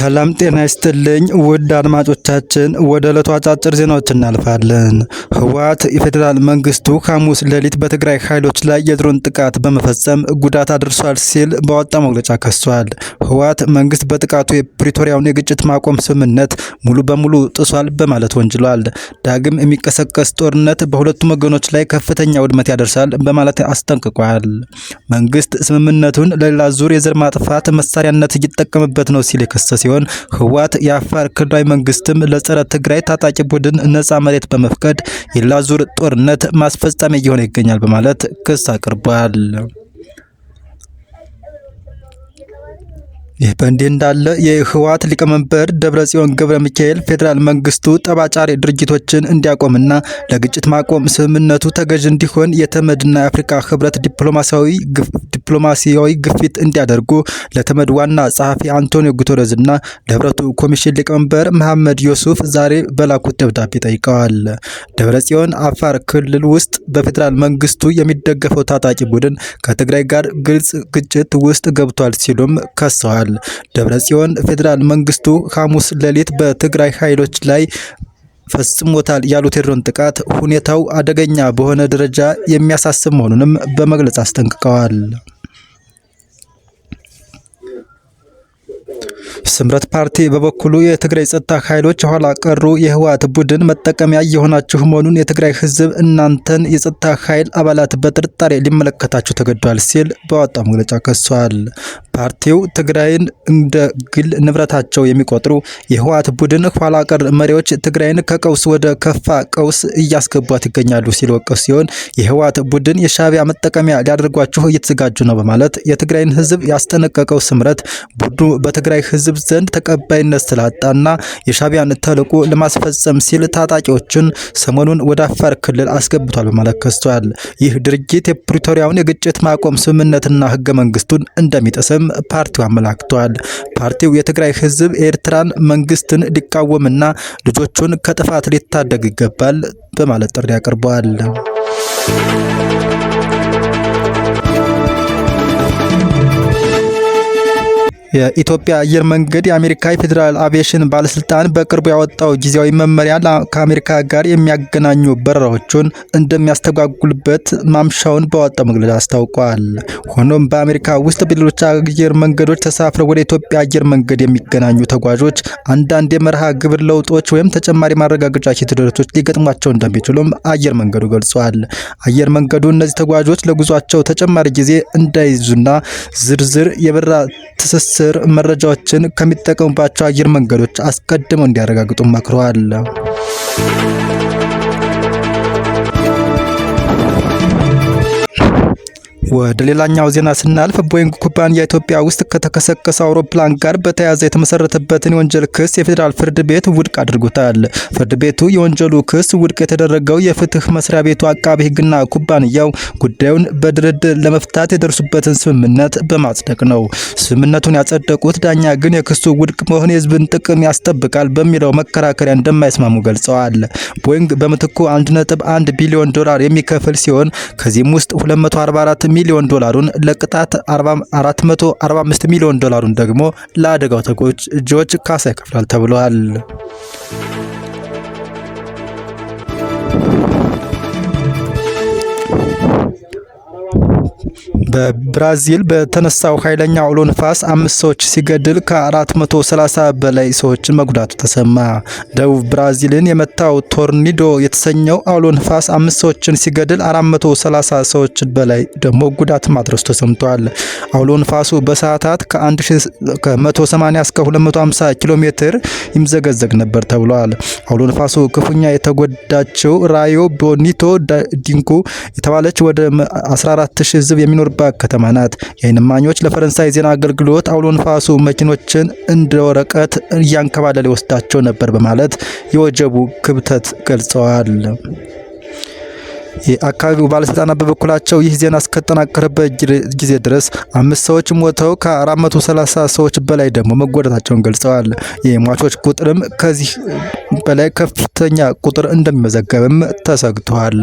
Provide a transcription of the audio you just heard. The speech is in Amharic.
ሰላም ጤና ይስጥልኝ ውድ አድማጮቻችን፣ ወደ ዕለቱ አጫጭር ዜናዎች እናልፋለን። ህወሓት የፌዴራል መንግስቱ ሐሙስ ሌሊት በትግራይ ኃይሎች ላይ የድሮን ጥቃት በመፈጸም ጉዳት አድርሷል ሲል በወጣ መግለጫ ከሷል። ህወሓት መንግስት በጥቃቱ የፕሪቶሪያውን የግጭት ማቆም ስምምነት ሙሉ በሙሉ ጥሷል በማለት ወንጅሏል። ዳግም የሚቀሰቀስ ጦርነት በሁለቱም ወገኖች ላይ ከፍተኛ ውድመት ያደርሳል በማለት አስጠንቅቋል። መንግስት ስምምነቱን ለሌላ ዙር የዘር ማጥፋት መሳሪያነት እየተጠቀመበት ነው ሲል የከሰሰ ሲሆን ህወሓት የአፋር ክልላዊ መንግስትም ለጸረ ትግራይ ታጣቂ ቡድን ነፃ መሬት በመፍቀድ የላዙር ጦርነት ማስፈጸሚያ እየሆነ ይገኛል በማለት ክስ አቅርቧል። ይህ በእንዲህ እንዳለ የህወሓት ሊቀመንበር ደብረጽዮን ገብረ ሚካኤል ፌዴራል መንግስቱ ጠባጫሪ ድርጅቶችን እንዲያቆምና ለግጭት ማቆም ስምምነቱ ተገዥ እንዲሆን የተመድና የአፍሪካ ህብረት ዲፕሎማሲያዊ ዲፕሎማሲያዊ ግፊት እንዲያደርጉ ለተመድ ዋና ጸሐፊ አንቶኒዮ ጉተረዝ እና ለህብረቱ ኮሚሽን ሊቀመንበር መሐመድ ዮሱፍ ዛሬ በላኩት ደብዳቤ ጠይቀዋል። ደብረ ጽዮን አፋር ክልል ውስጥ በፌዴራል መንግስቱ የሚደገፈው ታጣቂ ቡድን ከትግራይ ጋር ግልጽ ግጭት ውስጥ ገብቷል ሲሉም ከሰዋል። ደብረ ጽዮን ፌዴራል መንግስቱ ሐሙስ ሌሊት በትግራይ ኃይሎች ላይ ፈጽሞታል ያሉት የድሮን ጥቃት ሁኔታው አደገኛ በሆነ ደረጃ የሚያሳስብ መሆኑንም በመግለጽ አስጠንቅቀዋል። ስምረት ፓርቲ በበኩሉ የትግራይ ጸጥታ ኃይሎች የኋላ ቀሩ የህወሓት ቡድን መጠቀሚያ እየሆናችሁ መሆኑን የትግራይ ህዝብ እናንተን የጸጥታ ኃይል አባላት በጥርጣሬ ሊመለከታችሁ ተገዷል ሲል በወጣው መግለጫ ከሷል። ፓርቲው ትግራይን እንደ ግል ንብረታቸው የሚቆጥሩ የህወሓት ቡድን ኋላ ቀር መሪዎች ትግራይን ከቀውስ ወደ ከፋ ቀውስ እያስገቧት ይገኛሉ ሲል ወቀስ ሲሆን የህወሓት ቡድን የሻቢያ መጠቀሚያ ሊያደርጓችሁ እየተዘጋጁ ነው በማለት የትግራይን ህዝብ ያስጠነቀቀው ስምረት ቡድኑ በትግራይ ህዝብ ዘንድ ተቀባይነት ስላጣና የሻቢያን ተልዕኮ ለማስፈጸም ሲል ታጣቂዎችን ሰሞኑን ወደ አፋር ክልል አስገብቷል በማለት ከሷል። ይህ ድርጊት የፕሪቶሪያውን የግጭት ማቆም ስምምነትና ህገ መንግስቱን እንደሚጥስም ፓርቲው አመላክቷል። ፓርቲው የትግራይ ህዝብ የኤርትራን መንግስትን ሊቃወምና ልጆቹን ከጥፋት ሊታደግ ይገባል በማለት ጥሪ አቅርቧል። የኢትዮጵያ አየር መንገድ የአሜሪካ የፌዴራል አቪዬሽን ባለስልጣን በቅርቡ ያወጣው ጊዜያዊ መመሪያ ከአሜሪካ ጋር የሚያገናኙ በረራዎቹን እንደሚያስተጓጉልበት ማምሻውን በወጣው መግለጫ አስታውቋል። ሆኖም በአሜሪካ ውስጥ በሌሎች አየር መንገዶች ተሳፍረው ወደ ኢትዮጵያ አየር መንገድ የሚገናኙ ተጓዦች አንዳንድ የመርሃ ግብር ለውጦች ወይም ተጨማሪ ማረጋገጫ ሂደቶች ሊገጥሟቸው እንደሚችሉም አየር መንገዱ ገልጿል። አየር መንገዱ እነዚህ ተጓዦች ለጉዟቸው ተጨማሪ ጊዜ እንዳይዙና ዝርዝር የበረራ ትስስር ስር መረጃዎችን ከሚጠቀሙባቸው አየር መንገዶች አስቀድመው እንዲያረጋግጡ መክረዋል። ወደ ሌላኛው ዜና ስናልፍ ቦይንግ ኩባንያ ኢትዮጵያ ውስጥ ከተከሰከሰ አውሮፕላን ጋር በተያያዘ የተመሰረተበትን የወንጀል ክስ የፌዴራል ፍርድ ቤት ውድቅ አድርጎታል። ፍርድ ቤቱ የወንጀሉ ክስ ውድቅ የተደረገው የፍትህ መስሪያ ቤቱ አቃቢ ህግና ኩባንያው ጉዳዩን በድርድር ለመፍታት የደርሱበትን ስምምነት በማጽደቅ ነው። ስምምነቱን ያጸደቁት ዳኛ ግን የክሱ ውድቅ መሆን የህዝብን ጥቅም ያስጠብቃል በሚለው መከራከሪያ እንደማይስማሙ ገልጸዋል። ቦይንግ በምትኩ 1.1 ቢሊዮን ዶላር የሚከፍል ሲሆን ከዚህም ውስጥ 244 ሚሊዮን ዶላሩን ለቅጣት፣ 445 ሚሊዮን ዶላሩን ደግሞ ለአደጋው ተጎጂዎች ካሳ ይከፍላል ተብሏል። በብራዚል በተነሳው ኃይለኛ አውሎ ንፋስ አምስት ሰዎች ሲገድል ከ430 በላይ ሰዎችን መጉዳቱ ተሰማ። ደቡብ ብራዚልን የመታው ቶርኒዶ የተሰኘው አውሎ ንፋስ አምስት ሰዎችን ሲገድል 430 ሰዎች በላይ ደግሞ ጉዳት ማድረሱ ተሰምቷል። አውሎ ንፋሱ በሰዓታት ከ180 እስከ 250 ኪሎ ሜትር ይምዘገዘግ ነበር ተብሏል። አውሎ ንፋሱ ክፉኛ የተጎዳቸው ራዮ ቦኒቶ ዲንኩ የተባለች ወደ 14000 ህዝብ የሚኖር የምትገባ ከተማ ናት። የዓይን እማኞች ለፈረንሳይ ዜና አገልግሎት አውሎ ንፋሱ መኪኖችን እንደ ወረቀት እያንከባለለ ይወስዳቸው ነበር በማለት የወጀቡ ክብተት ገልጸዋል። የአካባቢው ባለስልጣናት በበኩላቸው ይህ ዜና እስከተጠናቀረበት ጊዜ ድረስ አምስት ሰዎች ሞተው ከ430 ሰዎች በላይ ደግሞ መጎዳታቸውን ገልጸዋል። የሟቾች ቁጥርም ከዚህ በላይ ከፍተኛ ቁጥር እንደሚመዘገብም ተሰግቷል።